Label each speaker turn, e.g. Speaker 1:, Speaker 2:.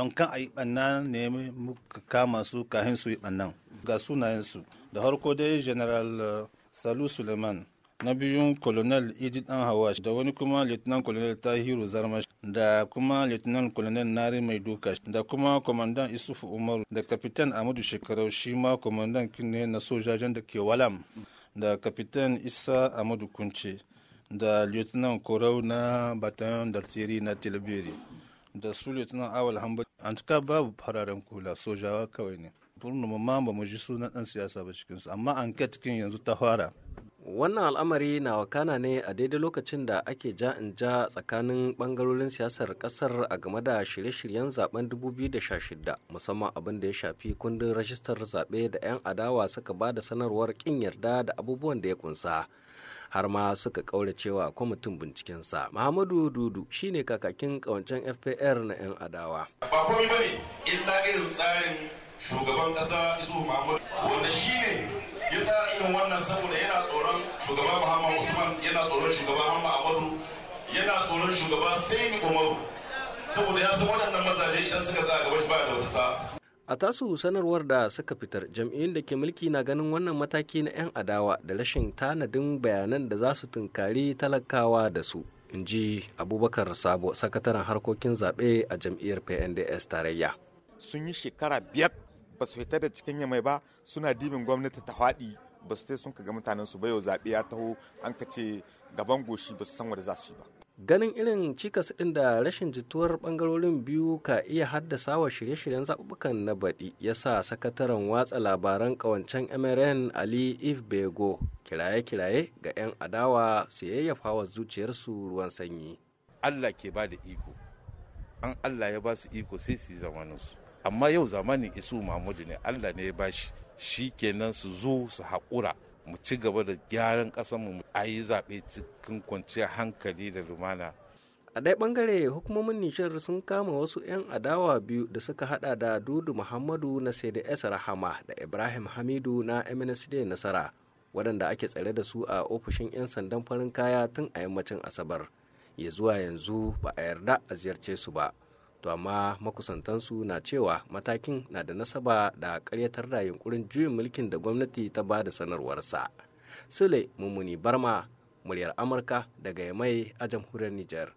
Speaker 1: don kan a yi ɓanna ne muka kama su kahin su yi ɓannan ga sunayensu da harko dai general uh, salu suleiman na biyun colonel idid dan hawash da wani kuma lieutenant colonel tahiru zarmash da kuma lieutenant colonel nari mai duka da kuma komandan isufu umaru da kapitan amadu shekarau shi ma komandan kinne na sojajen da ke walam da kapitan isa amadu kunce da lieutenant korau na batayon d'artillerie na tilbiri da su lieutenant awal hamba an cika babu fararen kula sojawa kawai ne burnu ma ba mu ji sunan dan siyasa ba cikinsu amma anket cikin yanzu ta fara wannan al'amari na wakana ne a daidai lokacin
Speaker 2: da ake ja in ja tsakanin bangarorin siyasar kasar a game da shirye-shiryen zaben 2016 musamman abin da ya shafi kundin rajistar zaɓe da 'yan adawa suka ba da sanarwar kin yarda da abubuwan da ya kunsa har ma suka kaura cewa kwamitin bincikensa muhammadu dudu shine kakakin kawancen fpr na 'yan adawa ba
Speaker 3: komai bane illa irin tsarin shugaban kasa isu muhammadu wanda shine ya tsara irin wannan saboda yana tsoron shugaban muhammadu usman yana tsoron shugaban muhammadu amadu yana tsoron shugaba sai umaru saboda ya san waɗannan mazaje idan suka tsaya gaba shi ba da wata sa'a
Speaker 2: a tasu sanarwar da suka fitar jam'iyyun da ke mulki na ganin wannan mataki na 'yan adawa da rashin tanadin bayanan da za su tunkari talakawa da su in ji abubakar sabo sakataren harkokin zaɓe a jam'iyyar pnds
Speaker 3: tarayya sun yi shekara biyar ba su fita da cikin yamai ba suna dibin gwamnati ta faɗi ba su sun ka ga mutanen su ba yau zaɓe ya taho an ka ce gaban goshi ba su
Speaker 2: san wanda za su yi ba ganin irin cikas ɗin da rashin jituwar bangarorin biyu ka iya haddasa wa shirye-shiryen zaɓuɓɓukan na baɗi ya sa sakataren watsa labaran ƙawancen mrn ali if bego kiraye-kiraye ga 'yan adawa su yayyafa wa zuciyarsu
Speaker 1: ruwan sanyi allah ke ba da iko an allah ya ba su iko sai su yi zamaninsu amma yau zamanin isu mahmudu ne allah ne ya ba shi shi kenan su zo su haƙura mu ci gaba da gyaran ƙasarmu a yi zaɓe cikin kwanciyar
Speaker 2: hankali da lumana a dai ɓangare hukumomin nijar sun kama wasu 'yan adawa biyu da suka haɗa da dudu muhammadu na cds rahama da ibrahim hamidu na mnsd nasara waɗanda ake tsare da su a ofishin 'yan sandan farin kaya tun a yammacin asabar ya zuwa yanzu ba a yarda a ziyarce su ba to amma makusantansu na cewa matakin na da nasaba da karyatar da yunkurin juyin mulkin da gwamnati ta ba da sanarwarsa sule mummuni barma muryar amurka daga yamai a jamhuriyar nijar.